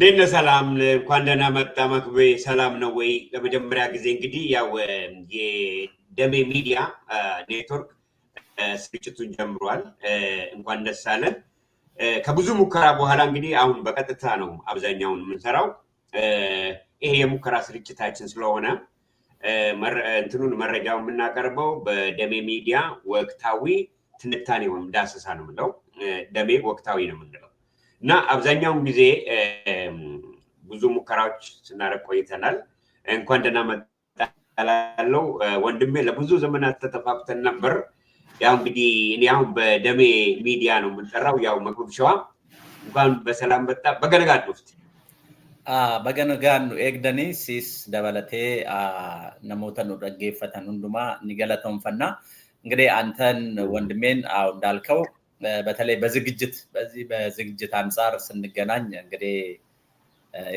እንዴት ነህ? ሰላም እንኳን ደህና መጣ መክቤ። ሰላም ነው ወይ? ለመጀመሪያ ጊዜ እንግዲህ ያው የደሜ ሚዲያ ኔትወርክ ስርጭቱን ጀምሯል። እንኳን ደስ አለን። ከብዙ ሙከራ በኋላ እንግዲህ አሁን በቀጥታ ነው አብዛኛውን የምንሰራው። ይሄ የሙከራ ስርጭታችን ስለሆነ እንትኑን መረጃው የምናቀርበው በደሜ ሚዲያ ወቅታዊ ትንታኔ ወይም ዳሰሳ ነው የምንለው። ደሜ ወቅታዊ ነው የምንለው እና አብዛኛውን ጊዜ ብዙ ሙከራዎች ስናደርግ ቆይተናል። እንኳን ደህና መጣላለው ወንድሜ፣ ለብዙ ዘመናት ተጠፋፍተን ነበር። ያው እንግዲህ እኔ አሁን በደሜ ሚዲያ ነው የምንጠራው። ያው መግብ ሸዋ እንኳን በሰላም በጣ በገነጋ ውስጥ በገነጋድ ኤግደኒ ሲስ ደበለቴ ነሞተ ኑ ደጌፈተን ሁንዱማ ኒገለተንፈና እንግዲህ አንተን ወንድሜን እንዳልከው በተለይ በዝግጅት በዚህ በዝግጅት አንጻር ስንገናኝ እንግዲህ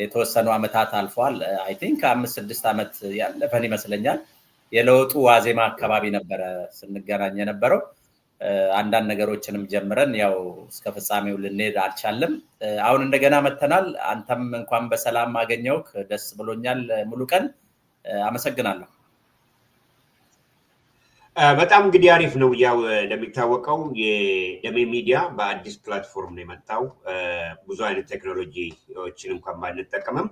የተወሰኑ ዓመታት አልፏል። አይ ቲንክ ከአምስት ስድስት ዓመት ያለፈን ይመስለኛል። የለውጡ ዋዜማ አካባቢ ነበረ ስንገናኝ የነበረው። አንዳንድ ነገሮችንም ጀምረን ያው እስከ ፍጻሜው ልንሄድ አልቻለም። አሁን እንደገና መተናል። አንተም እንኳን በሰላም አገኘውክ። ደስ ብሎኛል። ሙሉ ቀን አመሰግናለሁ። በጣም እንግዲህ አሪፍ ነው። ያው እንደሚታወቀው የደሜ ሚዲያ በአዲስ ፕላትፎርም ነው የመጣው። ብዙ አይነት ቴክኖሎጂዎችን እንኳን ባንጠቀምም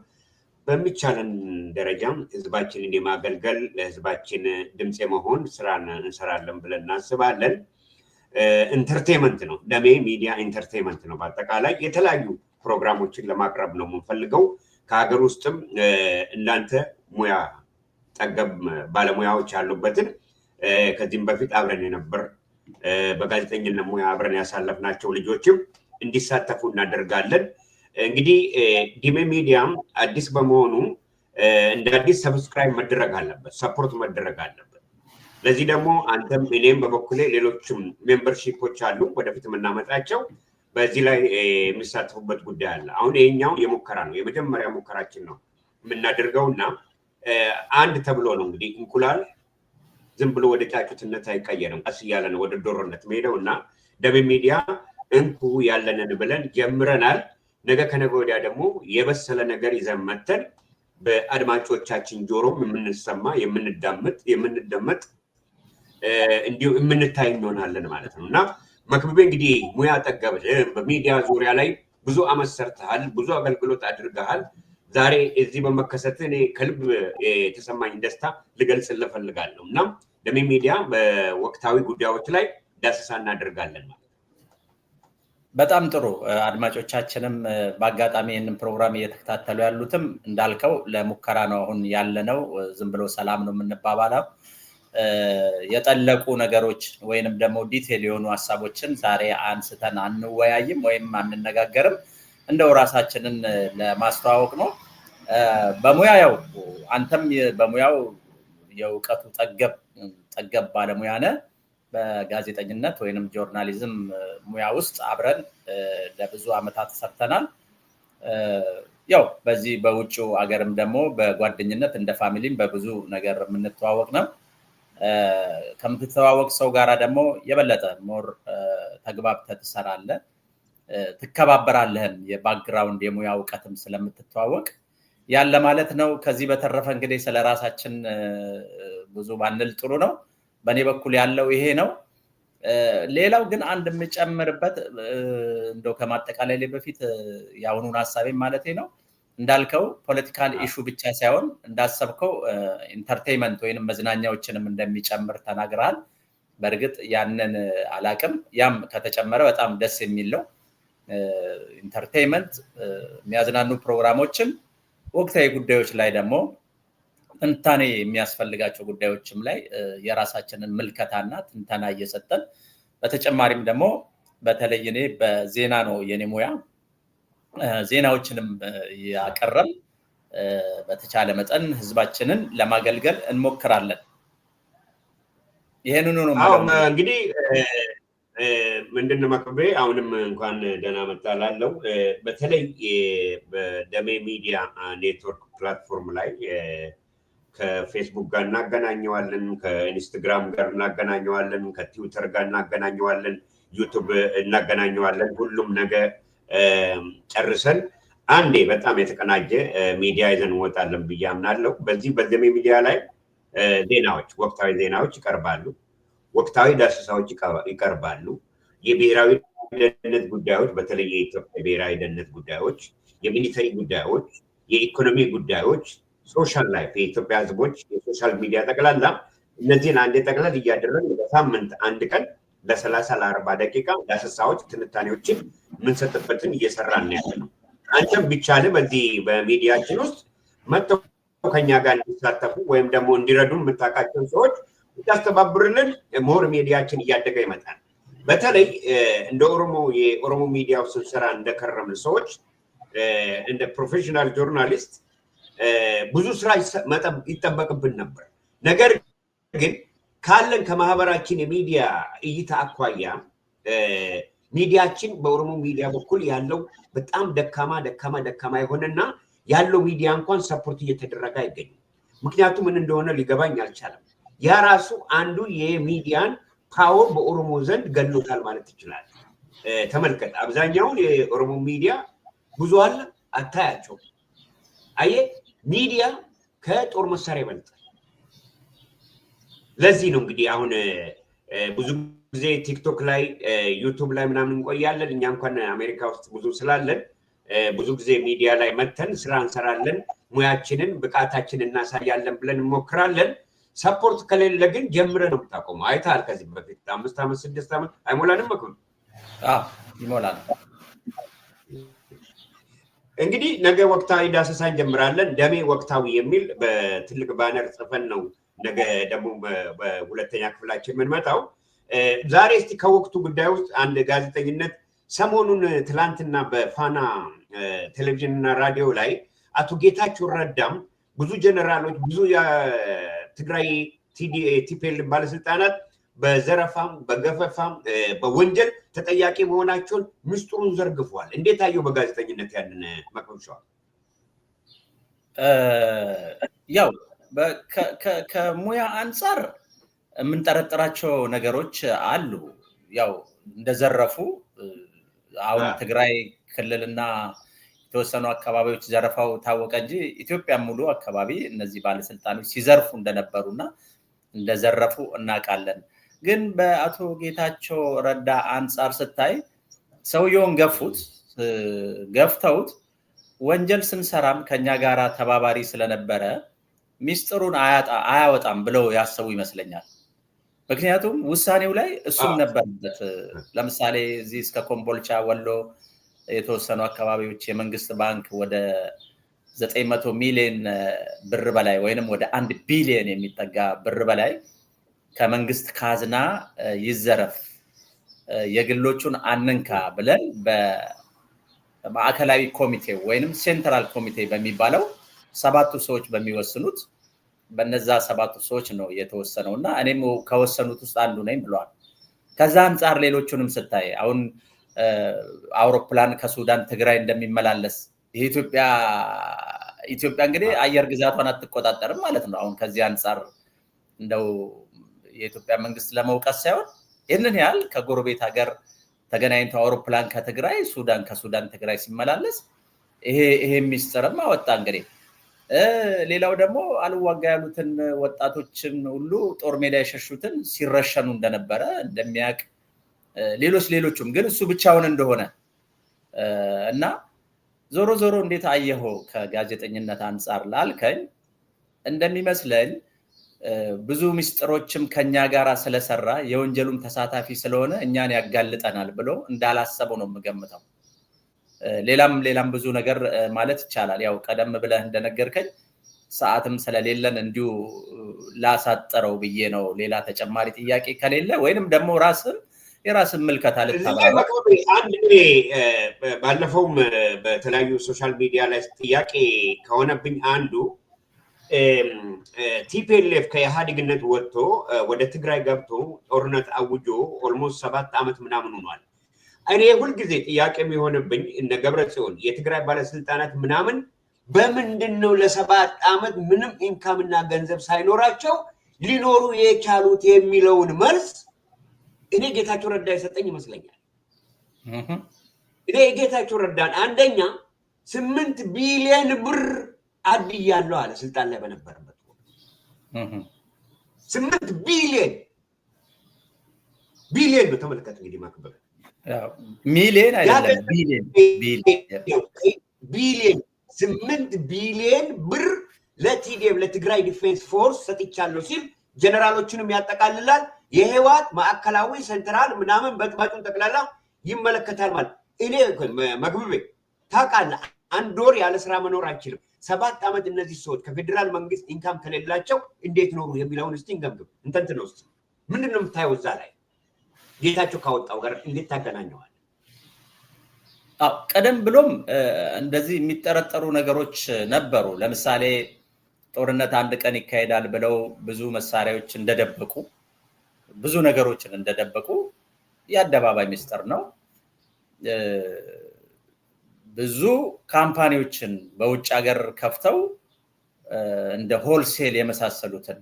በሚቻለን ደረጃም ህዝባችንን የማገልገል ለህዝባችን ድምፅ የመሆን ስራን እንሰራለን ብለን እናስባለን። ኢንተርቴንመንት ነው፣ ደሜ ሚዲያ ኢንተርቴንመንት ነው። በአጠቃላይ የተለያዩ ፕሮግራሞችን ለማቅረብ ነው የምንፈልገው። ከሀገር ውስጥም እናንተ ሙያ ጠገብ ባለሙያዎች ያሉበትን ከዚህም በፊት አብረን የነበር በጋዜጠኝነት ሙያ አብረን ያሳለፍናቸው ልጆችም እንዲሳተፉ እናደርጋለን። እንግዲህ ዲሜ ሚዲያም አዲስ በመሆኑ እንደ አዲስ ሰብስክራይብ መደረግ አለበት፣ ሰፖርት መደረግ አለበት። ለዚህ ደግሞ አንተም እኔም በበኩሌ ሌሎችም ሜምበርሺፖች አሉ ወደፊት የምናመጣቸው በዚህ ላይ የሚሳተፉበት ጉዳይ አለ። አሁን ይሄኛው የሙከራ ነው፣ የመጀመሪያ ሙከራችን ነው የምናደርገው እና አንድ ተብሎ ነው እንግዲህ እንቁላል ዝም ብሎ ወደ ጫጩትነት አይቀየርም። ቀስ እያለ ነው ወደ ዶሮነት መሄደው እና ደሜ ሚዲያ እንኩ ያለንን ብለን ጀምረናል። ነገ ከነገ ወዲያ ደግሞ የበሰለ ነገር ይዘን መተን በአድማጮቻችን ጆሮም የምንሰማ የምንዳምጥ የምንደመጥ እንዲሁ የምንታይ እንሆናለን ማለት ነው እና መክብቤ እንግዲህ ሙያ ጠገብ በሚዲያ ዙሪያ ላይ ብዙ አመት ሰርተሃል፣ ብዙ አገልግሎት አድርገሃል። ዛሬ እዚህ በመከሰት እኔ ከልብ የተሰማኝ ደስታ ልገልጽ ልፈልጋለሁ እና ደሜ ሚዲያ በወቅታዊ ጉዳዮች ላይ ዳሰሳ እናደርጋለን ማለት በጣም ጥሩ አድማጮቻችንም በአጋጣሚ ይህንን ፕሮግራም እየተከታተሉ ያሉትም እንዳልከው ለሙከራ ነው አሁን ያለነው። ዝም ብሎ ሰላም ነው የምንባባለው። የጠለቁ ነገሮች ወይንም ደግሞ ዲቴል የሆኑ ሀሳቦችን ዛሬ አንስተን አንወያይም ወይም አንነጋገርም። እንደው ራሳችንን ለማስተዋወቅ ነው። በሙያ ያው አንተም በሙያው የእውቀቱ ጠገብ ጠገብ ባለሙያ ነ በጋዜጠኝነት ወይንም ጆርናሊዝም ሙያ ውስጥ አብረን ለብዙ አመታት ሰርተናል። ያው በዚህ በውጭው አገርም ደግሞ በጓደኝነት እንደ ፋሚሊም በብዙ ነገር የምንተዋወቅ ነው። ከምትተዋወቅ ሰው ጋራ ደግሞ የበለጠ ሞር ተግባብተ ትሰራለ ትከባበራለህም የባክግራውንድ የሙያ እውቀትም ስለምትተዋወቅ ያለ ማለት ነው። ከዚህ በተረፈ እንግዲህ ስለራሳችን ብዙ ባንል ጥሩ ነው። በእኔ በኩል ያለው ይሄ ነው። ሌላው ግን አንድ የምጨምርበት እንደው ከማጠቃላይ ላይ በፊት የአሁኑን ሀሳቤ ማለት ነው እንዳልከው ፖለቲካል ኢሹ ብቻ ሳይሆን እንዳሰብከው ኢንተርቴንመንት ወይም መዝናኛዎችንም እንደሚጨምር ተናግረሃል። በእርግጥ ያንን አላቅም። ያም ከተጨመረ በጣም ደስ የሚል ነው። ኢንተርቴንመንት፣ የሚያዝናኑ ፕሮግራሞችን፣ ወቅታዊ ጉዳዮች ላይ ደግሞ ትንታኔ የሚያስፈልጋቸው ጉዳዮችም ላይ የራሳችንን ምልከታና ትንተና እየሰጠን በተጨማሪም ደግሞ በተለይ እኔ በዜና ነው የኔ ሙያ ዜናዎችንም ያቀረብ በተቻለ መጠን ህዝባችንን ለማገልገል እንሞክራለን። ይህንኑ ነው እንግዲህ ምንድን መክቤ አሁንም እንኳን ደህና መጣ ላለው በተለይ በደሜ ሚዲያ ኔትወርክ ፕላትፎርም ላይ ከፌስቡክ ጋር እናገናኘዋለን፣ ከኢንስትግራም ጋር እናገናኘዋለን፣ ከትዊተር ጋር እናገናኘዋለን፣ ዩቱብ እናገናኘዋለን። ሁሉም ነገር ጨርሰን አንዴ በጣም የተቀናጀ ሚዲያ ይዘን እንወጣለን ብዬ አምናለሁ። በዚህ በዘሜ ሚዲያ ላይ ዜናዎች፣ ወቅታዊ ዜናዎች ይቀርባሉ። ወቅታዊ ዳሰሳዎች ይቀርባሉ። የብሔራዊ ደህንነት ጉዳዮች፣ በተለይ የኢትዮጵያ ብሔራዊ ደህንነት ጉዳዮች፣ የሚሊተሪ ጉዳዮች፣ የኢኮኖሚ ጉዳዮች ሶሻል ላይፍ የኢትዮጵያ ህዝቦች የሶሻል ሚዲያ ጠቅላላ እነዚህን አንድ ጠቅላል እያደረግን በሳምንት አንድ ቀን ለሰላሳ ለአርባ ደቂቃ ለስሳዎች ትንታኔዎችን የምንሰጥበትን እየሰራ ነው ያለ ነው። አንተም ቢቻል በዚህ በሚዲያችን ውስጥ መጥተው ከኛ ጋር እንዲሳተፉ ወይም ደግሞ እንዲረዱን የምታውቃቸውን ሰዎች እንዳስተባብርልን ምሁር ሚዲያችን እያደገ ይመጣል። በተለይ እንደ ኦሮሞ የኦሮሞ ሚዲያው ስንሰራ እንደከረምን ሰዎች እንደ ፕሮፌሽናል ጆርናሊስት ብዙ ስራ ይጠበቅብን ነበር። ነገር ግን ካለን ከማህበራችን የሚዲያ እይታ አኳያ ሚዲያችን በኦሮሞ ሚዲያ በኩል ያለው በጣም ደካማ ደካማ ደካማ የሆነና ያለው ሚዲያ እንኳን ሰፖርት እየተደረገ አይገኝም። ምክንያቱም ምን እንደሆነ ሊገባኝ አልቻለም። ያ ራሱ አንዱ የሚዲያን ፓወር በኦሮሞ ዘንድ ገሎታል ማለት ይችላል። ተመልከት፣ አብዛኛውን የኦሮሞ ሚዲያ ብዙ አለ አታያቸው። አየህ ሚዲያ ከጦር መሳሪያ ይበልጣል። ለዚህ ነው እንግዲህ አሁን ብዙ ጊዜ ቲክቶክ ላይ ዩቱብ ላይ ምናምን እንቆያለን። እኛ እንኳን አሜሪካ ውስጥ ብዙ ስላለን ብዙ ጊዜ ሚዲያ ላይ መተን ስራ እንሰራለን፣ ሙያችንን ብቃታችን እናሳያለን ብለን እንሞክራለን። ሰፖርት ከሌለ ግን ጀምረ ነው የምታቆመው። አይተሃል፣ ከዚህ በፊት አምስት ዓመት ስድስት ዓመት አይሞላንም መክም ይሞላል። እንግዲህ ነገ ወቅታዊ ዳሰሳ እንጀምራለን። ደሜ ወቅታዊ የሚል በትልቅ ባነር ጽፈን ነው ነገ ደግሞ በሁለተኛ ክፍላችን የምንመጣው። ዛሬ እስቲ ከወቅቱ ጉዳይ ውስጥ አንድ ጋዜጠኝነት ሰሞኑን ትላንትና በፋና ቴሌቪዥን እና ራዲዮ ላይ አቶ ጌታቸው ረዳም ብዙ ጀነራሎች፣ ብዙ የትግራይ ቲፒኤል ባለስልጣናት በዘረፋም በገፈፋም በወንጀል ተጠያቂ መሆናቸውን ምስጢሩን ዘርግፏል። እንዴት አየው በጋዜጠኝነት ያንን መክብሻዋል? ያው ከሙያ አንጻር የምንጠረጥራቸው ነገሮች አሉ። ያው እንደዘረፉ አሁን ትግራይ ክልልና የተወሰኑ አካባቢዎች ዘረፋው ታወቀ እንጂ ኢትዮጵያ ሙሉ አካባቢ እነዚህ ባለስልጣኖች ሲዘርፉ እንደነበሩና እንደዘረፉ እናውቃለን። ግን በአቶ ጌታቸው ረዳ አንጻር ስታይ ሰውየውን ገፉት። ገፍተውት ወንጀል ስንሰራም ከኛ ጋር ተባባሪ ስለነበረ ሚስጥሩን አያወጣም ብለው ያሰቡ ይመስለኛል። ምክንያቱም ውሳኔው ላይ እሱም ነበርበት። ለምሳሌ እዚህ እስከ ኮምቦልቻ፣ ወሎ የተወሰኑ አካባቢዎች የመንግስት ባንክ ወደ 900 ሚሊዮን ብር በላይ ወይንም ወደ አንድ ቢሊዮን የሚጠጋ ብር በላይ ከመንግስት ካዝና ይዘረፍ፣ የግሎቹን አንንካ ብለን በማዕከላዊ ኮሚቴ ወይንም ሴንትራል ኮሚቴ በሚባለው ሰባቱ ሰዎች በሚወስኑት በነዛ ሰባቱ ሰዎች ነው የተወሰነው እና እኔም ከወሰኑት ውስጥ አንዱ ነኝ ብለዋል። ከዛ አንጻር ሌሎቹንም ስታይ አሁን አውሮፕላን ከሱዳን ትግራይ እንደሚመላለስ የኢትዮጵያ ኢትዮጵያ እንግዲህ አየር ግዛቷን አትቆጣጠርም ማለት ነው። አሁን ከዚህ አንጻር እንደው የኢትዮጵያ መንግስት ለመውቀስ ሳይሆን ይህንን ያህል ከጎረቤት ሀገር ተገናኝቶ አውሮፕላን ከትግራይ ሱዳን ከሱዳን ትግራይ ሲመላለስ ይሄ ሚስጥርም አወጣ። እንግዲህ ሌላው ደግሞ አልዋጋ ያሉትን ወጣቶችን ሁሉ ጦር ሜዳ የሸሹትን ሲረሸኑ እንደነበረ እንደሚያውቅ ሌሎች ሌሎቹም ግን እሱ ብቻውን እንደሆነ እና ዞሮ ዞሮ እንዴት አየሆ ከጋዜጠኝነት አንጻር ላልከኝ እንደሚመስለኝ ብዙ ምስጢሮችም ከኛ ጋር ስለሰራ የወንጀሉም ተሳታፊ ስለሆነ እኛን ያጋልጠናል ብሎ እንዳላሰበው ነው የምገምተው። ሌላም ሌላም ብዙ ነገር ማለት ይቻላል። ያው ቀደም ብለህ እንደነገርከኝ ሰዓትም ስለሌለን እንዲሁ ላሳጠረው ብዬ ነው። ሌላ ተጨማሪ ጥያቄ ከሌለ ወይንም ደግሞ ራስን የራስን ምልከታ ልታባአንድ ባለፈውም በተለያዩ ሶሻል ሚዲያ ላይ ጥያቄ ከሆነብኝ አንዱ ቲፒኤልኤፍ ከኢህአዴግነት ወጥቶ ወደ ትግራይ ገብቶ ጦርነት አውጆ ኦልሞስት ሰባት ዓመት ምናምን ሆኗል። እኔ ሁልጊዜ ጥያቄ የሚሆንብኝ እነ ገብረ ጽዮን የትግራይ ባለስልጣናት ምናምን በምንድን ነው ለሰባት ዓመት ምንም ኢንካምና ገንዘብ ሳይኖራቸው ሊኖሩ የቻሉት የሚለውን መልስ እኔ ጌታቸው ረዳ የሰጠኝ ይመስለኛል። እኔ የጌታቸው ረዳን አንደኛ ስምንት ቢሊዮን ብር አድያለሁ አለ። ስልጣን ላይ በነበረበት ስምንት ቢሊዮን ቢሊዮን በተመለከተ እንግዲህ ማክበር ሚሊዮን አይደለም ቢሊዮን ስምንት ቢሊዮን ብር ለቲዲኤም ለትግራይ ዲፌንስ ፎርስ ሰጥቻለሁ ሲል ጀነራሎችንም ያጠቃልላል። የህዋት ማዕከላዊ ሴንትራል ምናምን በጥባጩን ጠቅላላ ይመለከታል ማለት እኔ መግብቤ ታውቃለህ፣ አንድ ወር ያለ ስራ መኖር አይችልም። ሰባት ዓመት እነዚህ ሰዎች ከፌዴራል መንግስት ኢንካም ከሌላቸው እንዴት ኖሩ የሚለውን እስቲ እንገምግም። እንተንት ነው ስ ምንድን ነው የምታየው እዛ ላይ ጌታቸው ካወጣው ጋር እንዴት ታገናኘዋል? ቀደም ብሎም እንደዚህ የሚጠረጠሩ ነገሮች ነበሩ። ለምሳሌ ጦርነት አንድ ቀን ይካሄዳል ብለው ብዙ መሳሪያዎች እንደደበቁ ብዙ ነገሮችን እንደደበቁ የአደባባይ ሚስጥር ነው። ብዙ ካምፓኒዎችን በውጭ ሀገር ከፍተው እንደ ሆልሴል የመሳሰሉትን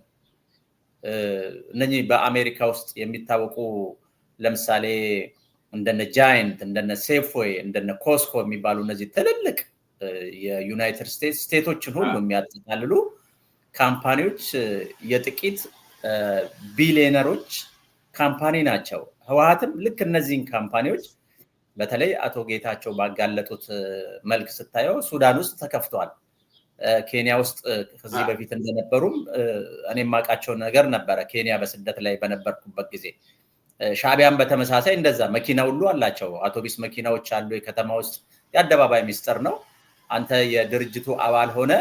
እነኚህ በአሜሪካ ውስጥ የሚታወቁ ለምሳሌ እንደነ ጃይንት እንደነ ሴፎይ እንደነ ኮስኮ የሚባሉ እነዚህ ትልልቅ የዩናይትድ ስቴትስ ስቴቶችን ሁሉ የሚያጠቃልሉ ካምፓኒዎች የጥቂት ቢሊዮነሮች ካምፓኒ ናቸው። ህወሀትም ልክ እነዚህን ካምፓኒዎች በተለይ አቶ ጌታቸው ባጋለጡት መልክ ስታየው ሱዳን ውስጥ ተከፍቷል። ኬንያ ውስጥ ከዚህ በፊት እንደነበሩም እኔ የማውቃቸው ነገር ነበረ። ኬንያ በስደት ላይ በነበርኩበት ጊዜ ሻቢያን በተመሳሳይ እንደዛ መኪና ሁሉ አላቸው። አውቶቢስ መኪናዎች አሉ። የከተማ ውስጥ የአደባባይ ሚስጥር ነው። አንተ የድርጅቱ አባል ሆነ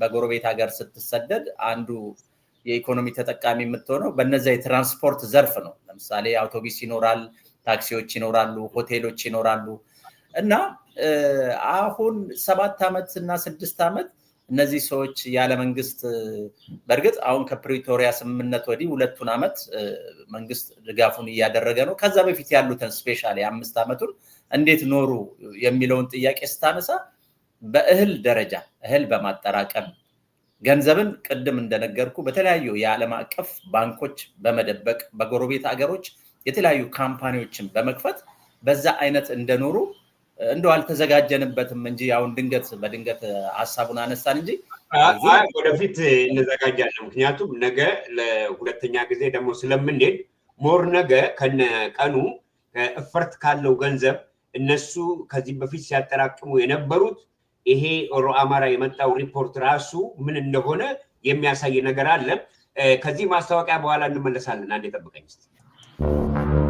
በጎረቤት ሀገር ስትሰደድ አንዱ የኢኮኖሚ ተጠቃሚ የምትሆነው በነዚ የትራንስፖርት ዘርፍ ነው። ለምሳሌ አውቶቢስ ይኖራል፣ ታክሲዎች ይኖራሉ፣ ሆቴሎች ይኖራሉ እና አሁን ሰባት ዓመት እና ስድስት ዓመት እነዚህ ሰዎች ያለ መንግስት በእርግጥ አሁን ከፕሪቶሪያ ስምምነት ወዲህ ሁለቱን ዓመት መንግስት ድጋፉን እያደረገ ነው። ከዛ በፊት ያሉትን ስፔሻሊ አምስት ዓመቱን እንዴት ኖሩ የሚለውን ጥያቄ ስታነሳ በእህል ደረጃ እህል በማጠራቀም ገንዘብን ቅድም እንደነገርኩ በተለያዩ የዓለም አቀፍ ባንኮች በመደበቅ በጎረቤት ሀገሮች የተለያዩ ካምፓኒዎችን በመክፈት በዛ አይነት እንደኖሩ እንደው አልተዘጋጀንበትም እንጂ አሁን ድንገት በድንገት ሀሳቡን አነሳን እንጂ ወደፊት እንዘጋጃለን። ምክንያቱም ነገ ለሁለተኛ ጊዜ ደግሞ ስለምንሄድ ሞር ነገ ከነ ቀኑ እፈርት ካለው ገንዘብ እነሱ ከዚህ በፊት ሲያጠራቅሙ የነበሩት ይሄ ኦሮ አማራ የመጣው ሪፖርት ራሱ ምን እንደሆነ የሚያሳይ ነገር አለ። ከዚህ ማስታወቂያ በኋላ እንመለሳለን። አንድ የጠብቀኝ Thank you.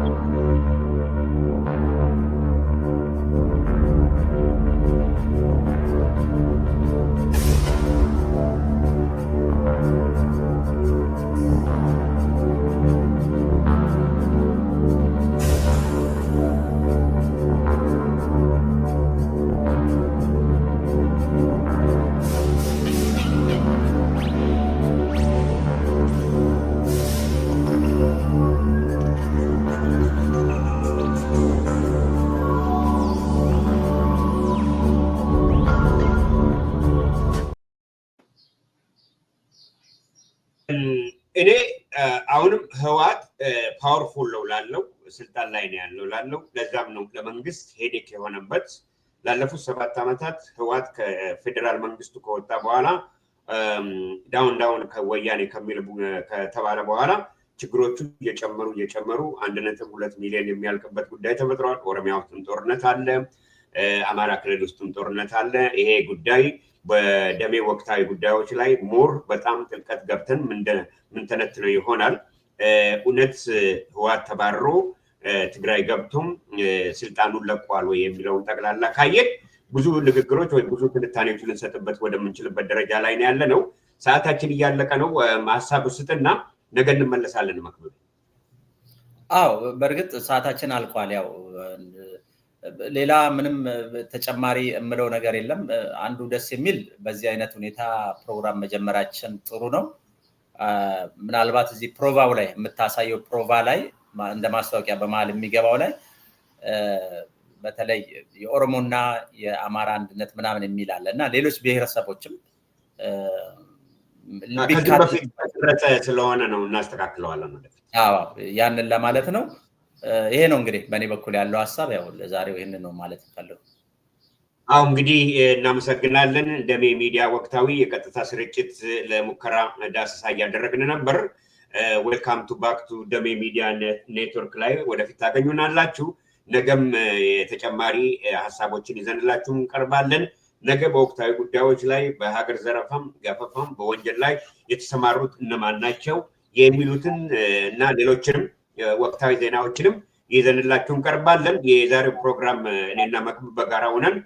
አሁንም ህወሓት ፓወርፉል ነው ላለው ስልጣን ላይ ነው ያለው ላለው ለዛም ነው ለመንግስት ሄዴክ የሆነበት ላለፉት ሰባት ዓመታት ህወሓት ከፌዴራል መንግስቱ ከወጣ በኋላ ዳውን ዳውን ከወያኔ ከሚል ከተባለ በኋላ ችግሮቹ እየጨመሩ እየጨመሩ አንድ ነጥብ ሁለት ሚሊዮን የሚያልቅበት ጉዳይ ተፈጥሯል። ኦሮሚያ ውስጥም ጦርነት አለ፣ አማራ ክልል ውስጥም ጦርነት አለ። ይሄ ጉዳይ በደሜ ወቅታዊ ጉዳዮች ላይ ሞር በጣም ጥልቀት ገብተን ምንተነትነው ይሆናል። እውነት ህወሓት ተባሮ ትግራይ ገብቶም ስልጣኑን ለቋል ወይ የሚለውን ጠቅላላ ካየን ብዙ ንግግሮች ወይም ብዙ ትንታኔዎች ልንሰጥበት ወደምንችልበት ደረጃ ላይ ነው ያለ ነው። ሰዓታችን እያለቀ ነው። ማሳብ ስጥና ነገ እንመለሳለን። መክብብ አዎ፣ በእርግጥ ሰዓታችን አልቋል። ያው ሌላ ምንም ተጨማሪ የምለው ነገር የለም። አንዱ ደስ የሚል በዚህ አይነት ሁኔታ ፕሮግራም መጀመራችን ጥሩ ነው። ምናልባት እዚህ ፕሮቫው ላይ የምታሳየው ፕሮቫ ላይ እንደ ማስታወቂያ በመሀል የሚገባው ላይ በተለይ የኦሮሞና የአማራ አንድነት ምናምን የሚል አለ እና ሌሎች ብሔረሰቦችም ስለሆነ ነው እናስተካክለዋለን ማለት ያንን ለማለት ነው። ይሄ ነው እንግዲህ በእኔ በኩል ያለው ሀሳብ። ያው ለዛሬው ይህንን ነው ማለት ይፈልጉ አሁ እንግዲህ እናመሰግናለን። ደሜ ሚዲያ ወቅታዊ የቀጥታ ስርጭት ለሙከራ ዳሰሳ እያደረግን ነበር። ዌልካም ቱ ባክ ቱ ደሜ ሚዲያ ኔትወርክ ላይ ወደፊት ታገኙናላችሁ። ነገም የተጨማሪ ሀሳቦችን ይዘንላችሁ እንቀርባለን። ነገ በወቅታዊ ጉዳዮች ላይ በሀገር ዘረፋም፣ ገፈፋም በወንጀል ላይ የተሰማሩት እነማን ናቸው የሚሉትን እና ሌሎችንም ወቅታዊ ዜናዎችንም ይዘንላችሁ እንቀርባለን። የዛሬው ፕሮግራም እኔና መክብብ በጋራ ሆነን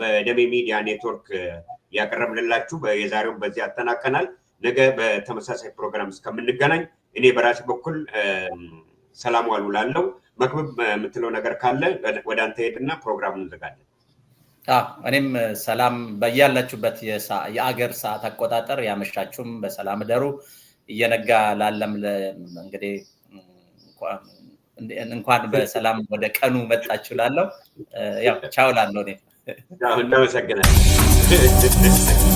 በደሜ ሚዲያ ኔትወርክ ያቀረብንላችሁ የዛሬውን በዚህ ያጠናቀናል። ነገ በተመሳሳይ ፕሮግራም እስከምንገናኝ እኔ በራሴ በኩል ሰላም ዋሉ ላለው መክብብ የምትለው ነገር ካለ ወደ አንተ ሄድና ፕሮግራም እንዘጋለን። እኔም ሰላም በያላችሁበት የአገር ሰዓት አቆጣጠር ያመሻችሁም በሰላም እደሩ። እየነጋ ላለም እንግዲህ እንኳን በሰላም ወደ ቀኑ መጣችሁ ላለው ያው ቻው ላለው እኔ ነው። እናመሰግናለን።